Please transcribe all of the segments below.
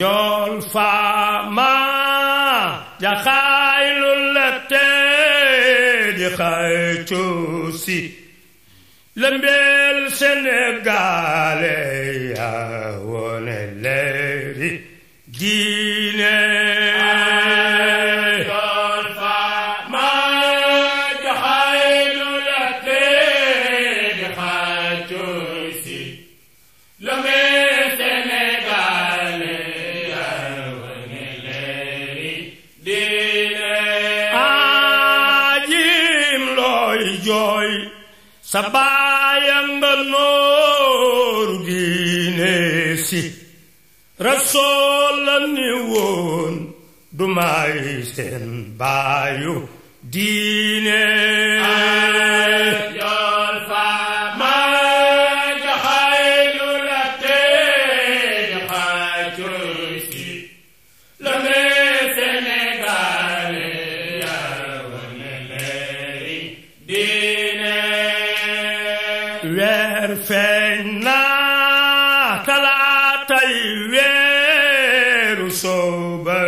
Jol fama ja khailul lepte di khaitu si lembel senegale ya sa baaya nga nooru diine du may seen baayu diine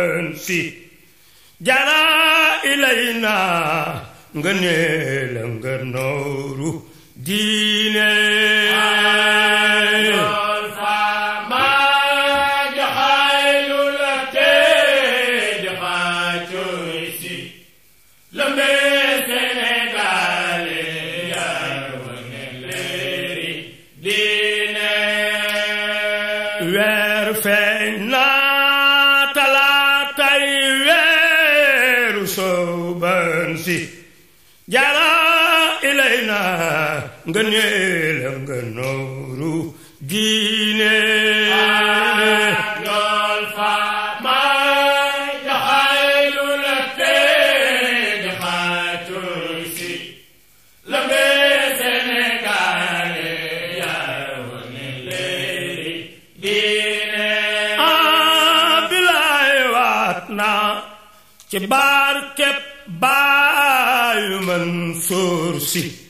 أنت جرى إلينا نغني لنغنور ديني nga neel nga nooru diine lool fa may jaxay lu la tee jaxaatul si lambe Sénégalé yaw ni leeri diine ah bilaay waat naa ci barkeb baayu Mansour si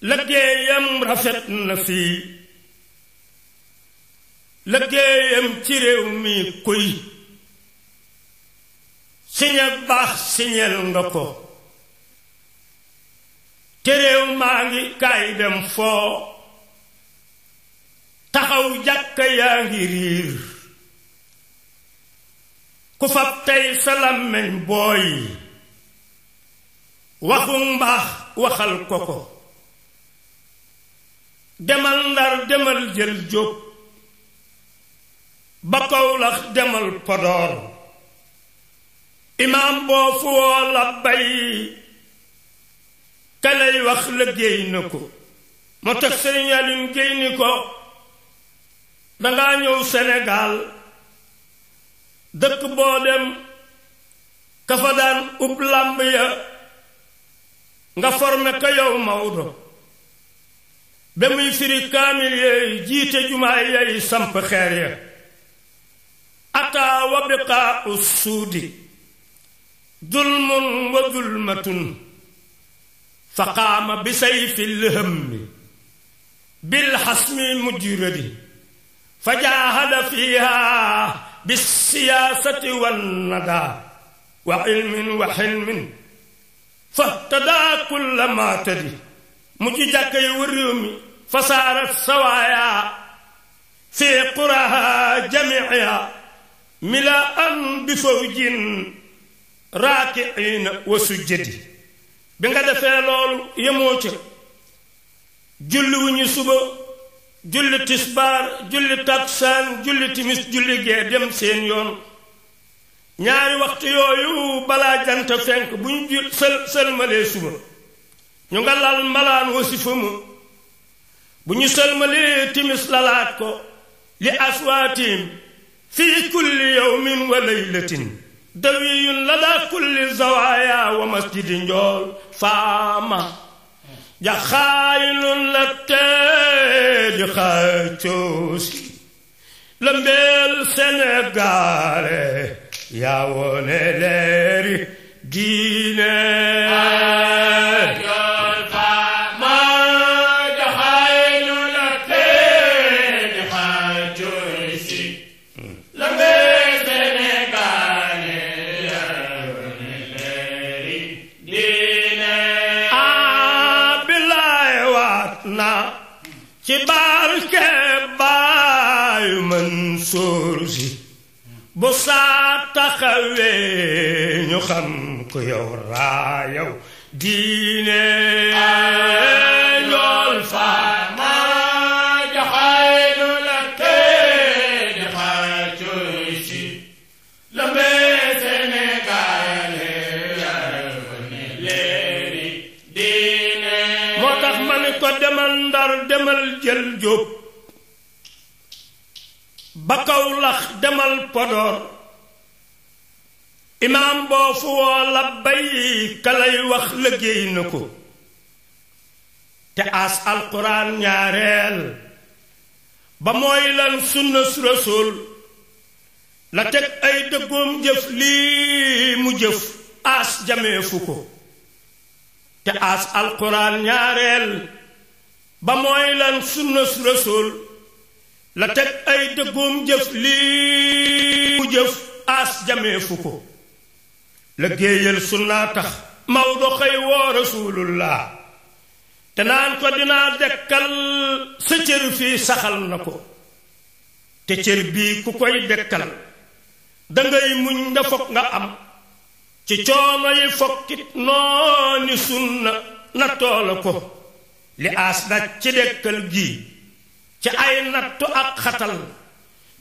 liggéeyam rafet na fii liggéeyam ci réew mi kuy siñe baax siñel nga ko te réew maa ngi kaay dem foo taxaw jàkka yaa ngi riir ku fab tey sa làmmeñ booy waxu mbaax waxal ko ko demal ndar demal jël jóob ba kawlax demal podoor imaam boo fu woo la bay kalay wax liggéey na ko moo tax sëriñ Aline Gueye ni ko dangaa ñëw Sénégal dëkk boo dem kafa daan ub làmb ya nga formé ka yow Maodo ba muy firi kaamil yey jiite jumaa yey samp xeer ya ataa wa biqaa u suudi dulmun wa dulmatun fa qaama bi sayfi lhammi bilxasmi mujradi fa jaahada fiiha بالسياسة والندى وعلم وحلم فاهتدى كل ما تدي mu ci jàkka yi wër réew mi fasaarat sawaaya fi quraha jamiiha mila an bi fawjin raakiina wa sujjadi bi nga defee loolu yemoo ca julli wu ñu suba julli tisbaar julli taksaan julli timis julli gee dem seen yoon ñaari waxtu yooyu balaa jant fenk bu ñu sël sëlmalee suba ñu nga lal malaan wasifa mu bu ñu sëlmalee timis lalaat ko li aswaatim fi kulli yawmin wa laylatin dawiyun lada kulli zawaaya wa masjidi njool faama jaxaayinun la teedi xaacoosi la mbeel senegaale yaa wone leeri diine bu saa taxawee ñu xam ko yow raa yow diine ba Kawlax demal Podor imaam boo fu woo labbay ka lay wax liggéey na ko te as alquran ñaareel ba mooy lan sunna rasul la teg ay dëggoom jëf lii mu jëf as jameefu ko te as alquran ñaareel ba mooy lan sunna rasul la teg ay dëggoom jëf lii mu jëf aas jameefu ko la géeyal sunnaa tax Maodo xëy woo rasulullah te naan ko dinaa dekkal sa cër fii saxal na ko te cër bii ku koy dekkal dangay muñ da fokk nga am ci coono yi fokkit nooni sunna na ko li aas daj ci dekkal gii ci ay nattu ak xatal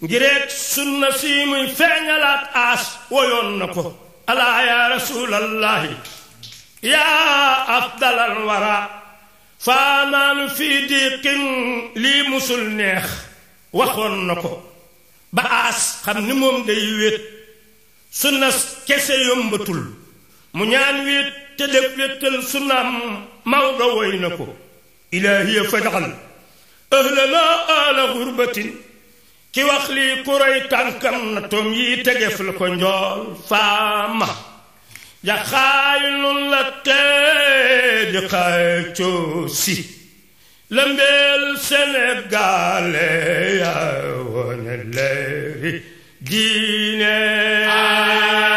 ngireet sunna si muy feeñalaat aas woyoon na ko alaa ya rasulallahi ya afdal alwara faanaanu fii diiqin lii musul neex waxoon na ko ba aas xam ni moom day wéet sunna kese yombatul mu ñaan wéet te def wéttal sunnaam mawdo woy na ko ilaahiya fajal اهلنا آل غربة كي وخلي كوري تانكم تومي تجف الكنجول فاما يا خايل لك يا خايل توسي لم بيل سنغال يا ونلري دينا آه.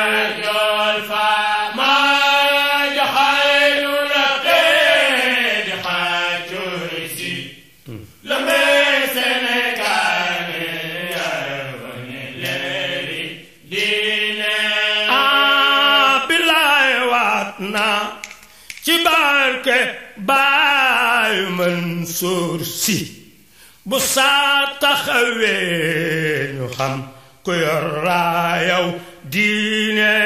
barke baay Mansour si bu saa taxawee ñu xam ku yor raayaw diine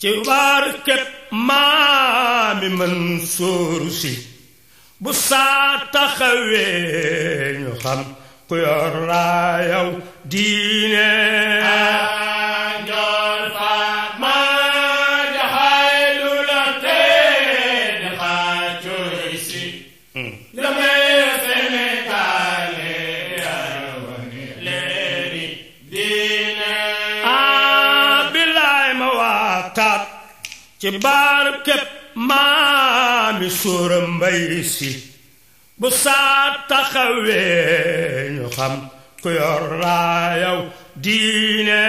ci barkeb maami mën sóoru si bu saa taxawee xam ku yor laa yow ci barkeb maami suura mbay si bu saa taxawee ñu xam ku yor laa yow diine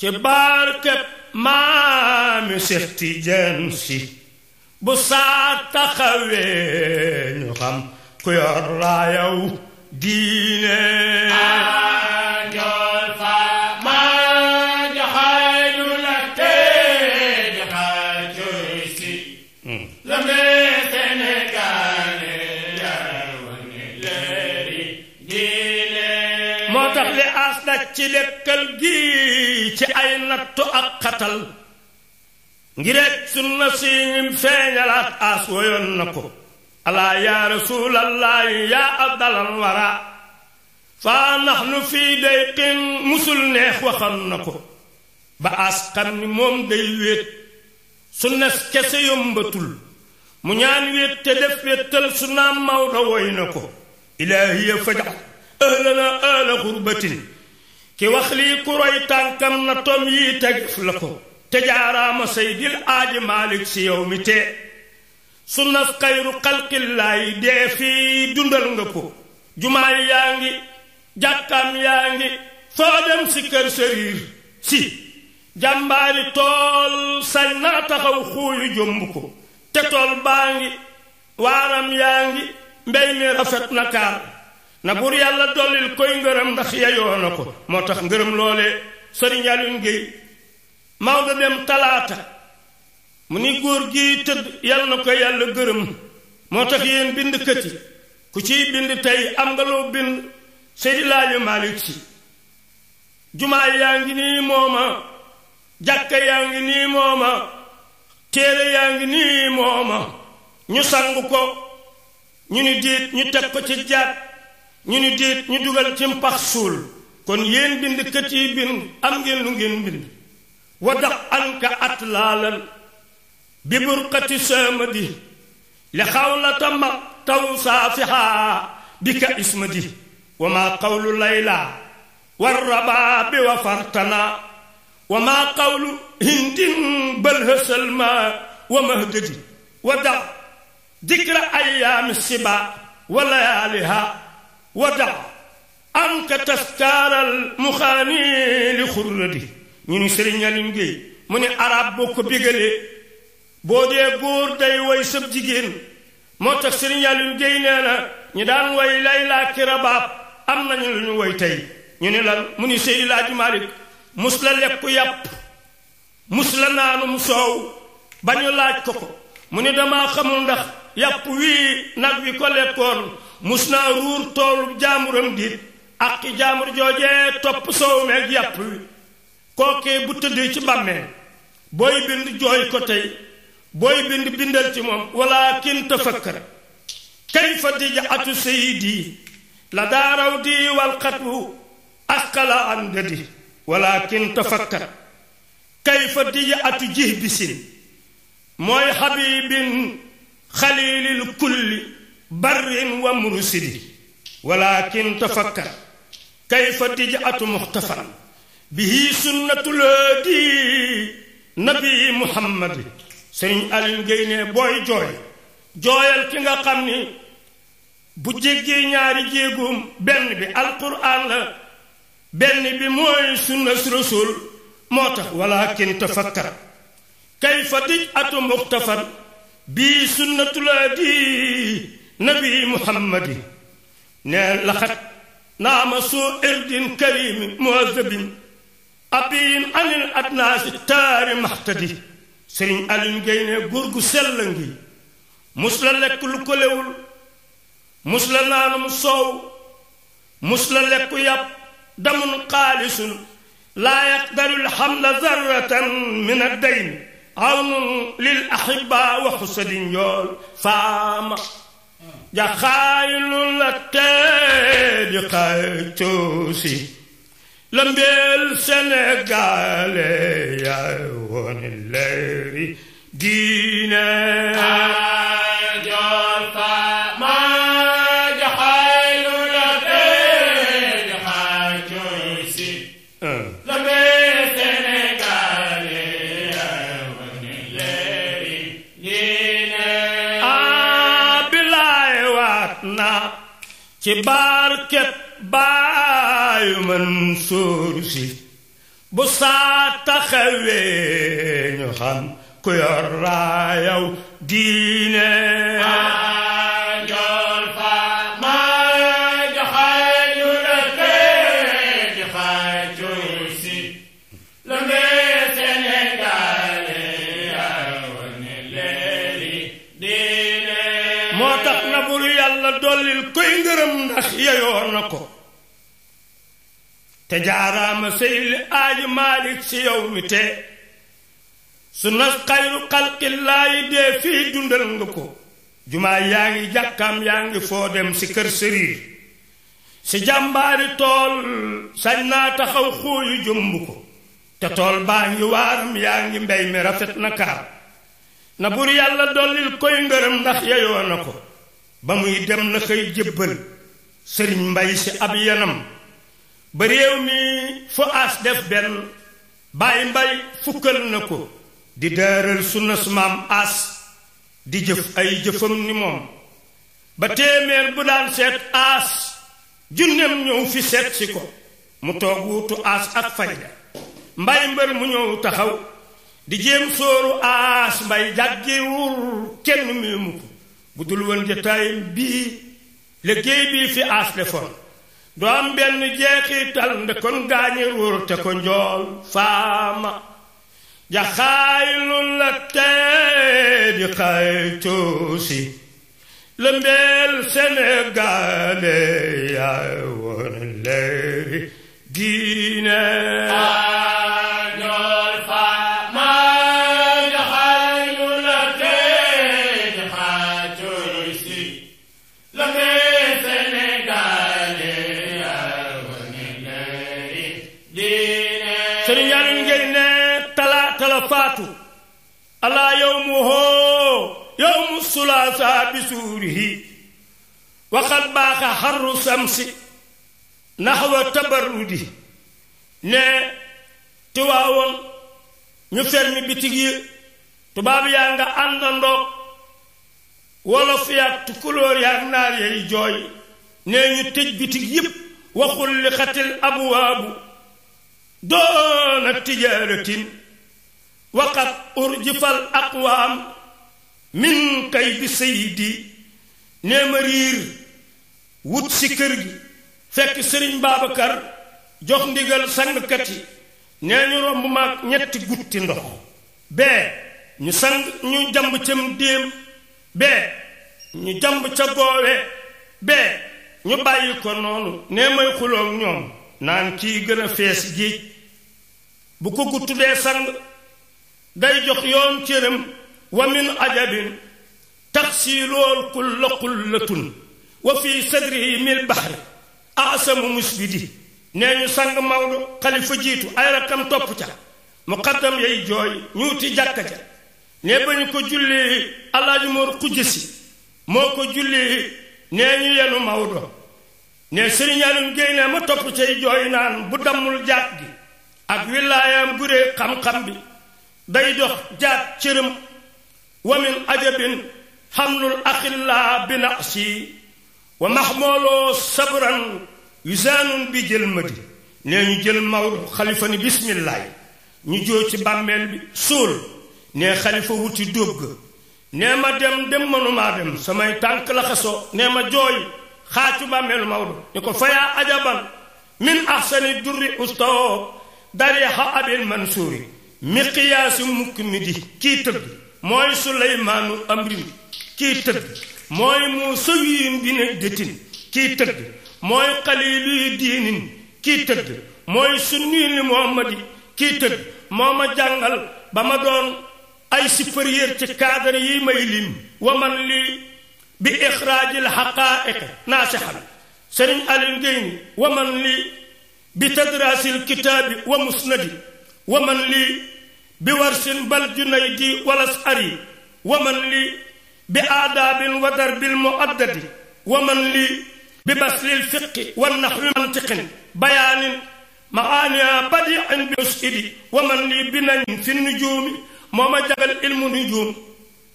ci barkeb maami Seex Tijaan Si bu saa taxawee ñu xam ku yor laa yow tax li aas daj ci lekkal gi ci ay nattu ak xatal ngireeg sunna si ñim feeñalaat aas woyoon na ko alaa yaa rasuulallahi yaa abdalal wara faa naxnu fii day qiin musul neex waxoon na ko ba aas xam ni moom day wéet sunnes kese yombatul mu ñaan wéet te def wéttal su naam Maodo woy na ko ilaahiya fajax ahlana ala xurbatin ki wax lii kuroy tànkam na tom yii tegef la ko te jaaraama saydil aaji maalik si yow mi te su nas xayru xalqillaayi dee fii dundal nga ko jumaa yaa ngi jàkkaam yaa ngi foo si kër sëriir si jàmbaari tool sañ naa taxaw xuuyu jomb ko te tool baa ngi waaram yaa ngi mbéy mi rafet na kaar na buur yàlla dollil koy ngërëm ndax yeyoo na ko moo tax ngërëm loolee sëriñ Alioune Guèye Maodo dem talaata mu ni góor gi tëdd yàlla na ko yàlla gërëm moo tax yéen bind yi ku ciy bind tey am nga loo bind Seydi Laaji Maalik Si jumaa yaa ngi nii mooma jàkka yaa nii mooma téere yaa nii mooma ñu sang ko ñu ni diit ñu teg ko ci jaat ñu ni déet ñu dugal ci mpax suul kon yéen bindkat yi bind am ngeen lu ngeen bind wa dax anka at laalan bi burqati samadi li xawlata ma taw saafiha bika ismadi wa maa qawlu layla wa rabaabi wa fartana wa maa qawlu hindin bal hësalma wa mahdadi wa dax dikra ayaami siba wa layaaliha ودع عنك تستار المخاني لخردي ñu ni Serigne Aline mu ne arab boo ko bégalee boo dee góor day way sab jigéen moo tax Serigne Aline Gueye nee na ñu daan way lay laa ki rabaab am nañu lu ñu woy tey ñu ni lan mu ni Seydi Laaji Malick mus la lekku yàpp mus la naanum soow ba ñu laaj ko mu ne damaa xamul ndax yàpp wii nag wi ko lekkoon mus na ruur toolu jaamuram di ak jaamur joojee topp soow meeg yàpp wi kookee bu tëddee ci bàmmeel booy bind jooy ko tey booy bind bindal ci moom walaakin tafakkar kayfa dij'atu sayyidi la daaraw di wal xatwu asqala an dadi walaakin tafakkar kayfa dij'atu jihbisin mooy xabibin xalilil kulli barrin wa mursidi walakin tafakkar kayfa tijatu muxtafar bihi sunnatul ki nga xam ni bu jéggee ñaari jéegoom bi alquran la benn bi mooy sunna su نبي محمد نال لقد نام سوء إرد كريم مهذب أبين عن الأدناس التار محتدي سرين ألين جيني غرغ سلنجي مسلا لكل كلول مسلا نانم صو مسلا لك يب دم قالس لا يقدر الحمل ذرة من الدين عون للأحباء وحسد يول فاما jaxaayilu la tee di xay coosi lambeel Sénégalé yaay woon ci barkeb baayu Mansuur Si bu saa taxawee ñu xam ku yor raayaw diine yeyoo na ko te jaaraama seyli aaji maalik si yow mi te su nas xayru xalqillaayi dee fii dundal nga ko jumaa yaa ngi jàkkaam yaa ngi foo dem si kër sëriir si jàmbaari tool sañ naa taxaw xuuyu jëmb ko te tool baa ngi waaram yaa ngi mbey mi rafet na kaar na bur yàlla dollil koy ngërëm ndax yeyoo ko ba muy dem na koy jébbal sëriñ mbay si ab yenam ba réew mi fu aas def benn bàyyi mbay fukkal na ko di daaral sunna su maam aas di jëf ay jëfam ni moom ba téeméer bu daan seet aas junneem ñëw fi seet si ko mu toog wuutu aas ak fayda mbay mbër mu ñëw taxaw di jéem sóoru aas mbay jàggiwul kenn mu ko bu dul woon bii liggéey bii fi aas defoon du am benn jeexital nde kon gaañi ruur te ko njool faama jaxaaylu la teedi xaytuusi lëmbeel sénégalais yaa woon léeri diine xalaa yowmuhoo yowmu sulaasa bi suurihi waxat baaxa xarru samsi naxwa tabarudi ne tiwaawoon ñu fermi bitig yi tubaab yaa nga àndandoog wolof yaag tukulóor yaag naar yay jooy nee ñu tëj bitig yépp waxul li xatil abwaabu doona tijaaratin waqad urjifal aqwaam min kaydi saydi néema riir wut si kër gi fekk sëriñ Babacar jox ndigal sangkat yi nee ñu romb maag ñetti gutti ndox bee ñu sang ñu jamb cam déem bee ñu jamb ca goowe bee ñu bàyyi ko noonu nee xuloog ñoom naan kii gën a fees géej bu ko guttudee sang day jox yoon cëram wa min ajabin taxsiilool kulla qullatun wa fii sadrihi mil baxri asamu musbidi nee ñu sang Maodo xalifa jiitu ay rakkam topp ca muqaddam yay jooy ñuuti jàkka ja nee ba ko julli alaaji Mor Xujjasi moo ko julli nee ñu yenu Maodo nee Sëriñ Aliou Guèye ma topp cay jooy naan bu dammul jaat gi ak wilaayam buree xam-xam bi day dox jaat cërëm wa min ajabin xamlul axilla bi naqsi wa maxmooloo sabran yusaanun bi jël madi nee ñu jël mawru xalifa ni bismillaay ñu joo ci bàmmeel bi suul nee xalifa wuti dóob ga nee ma dem dem mënumaa dem samay tànk la xasoo nee ma jooy xaacu bàmmeelu mawdo ni ko fayaa ajaban min axsani durri ustao darixa abil mansuuri miqiyaasu mukk mi di kii tëgg mooy suleymaanu amrin kii tëgg mooy muusa wiin bi ne kii tëgg mooy xaliiluy diinin kii tëgg mooy sunniil muhammadi kii tëgg moo ma jàngal ba ma doon ay supérieur ci cadre yi may lim wa man lii bi ixraajil xaqaa'iq naasixan sëriñ alin géyni wa man lii bi tadraasil kitaabi wa musnadi wa man lii بورش بل جنيدي والأسعري ومن لي بآداب ودرب المؤدد ومن لي ببسل الفقه والنحو منطق بيان معاني بديع بأسئلي ومن لي بنين في النجوم مما جبل علم النجوم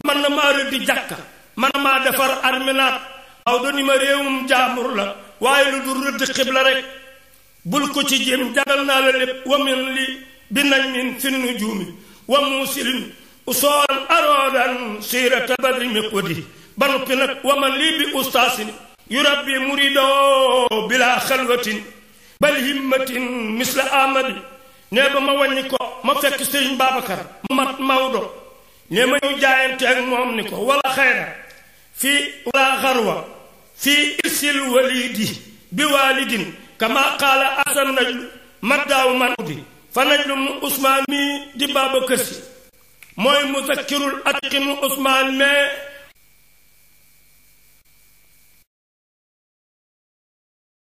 من ما رد جكا من ما دفر أرمنات أو دوني مريوم جامر لا وايل lu du rëdd xibla rek bul ko ci jéem بنجم في النجوم وموسل أصول أرادا سيرة بدر مقودي بنقنك ومن لي بأستاذ يربي مريده بلا خلوة بل همة مثل آمد nee ba ma wàññi ko ma fekk sëriñ Babacar mat Maodo nee ñu jaayante ak moom ni ko xayra fii wala xarwa fii irsil walidi bi walidin kama qaala asan najlu maddaaw man di fa najlu mu Ousmane mii di Babacar Si mooy muzakkirul atqimu Ousmane mais